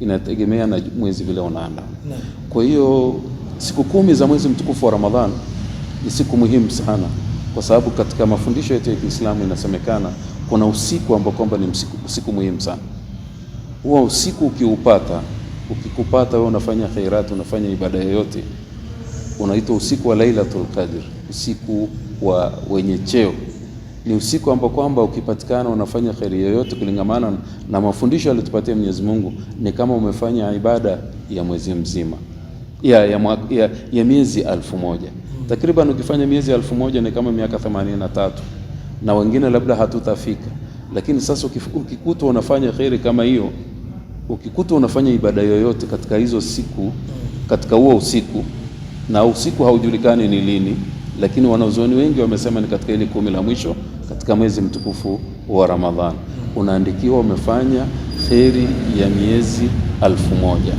Inategemea na mwezi vile unaanda. Kwa hiyo siku kumi za mwezi mtukufu wa Ramadhani ni siku muhimu sana, kwa sababu katika mafundisho yetu ya Kiislamu inasemekana kuna usiku ambao kwamba ni usiku, usiku muhimu sana. Huo usiku ukiupata, ukikupata wewe unafanya khairat, unafanya ibada yoyote, unaitwa usiku wa Lailatul Qadr, usiku wa wenye cheo ni usiku ambao kwamba ukipatikana unafanya kheri yoyote kulingamana na mafundisho aliyotupatia Mwenyezi Mungu ni kama umefanya ibada ya mwezi mzima ya, ya, ya, ya miezi alfu moja hmm. takriban. Ukifanya miezi alfu moja ni kama miaka themanini na tatu na wengine labda hatutafika. Lakini sasa ukikutwa unafanya kheri kama hiyo, ukikutwa unafanya ibada yoyote katika hizo siku, hmm. katika huo usiku, na usiku haujulikani ni lini lakini wanazuoni wengi wamesema ni katika ile kumi la mwisho katika mwezi mtukufu wa Ramadhani unaandikiwa umefanya kheri ya miezi alfu moja.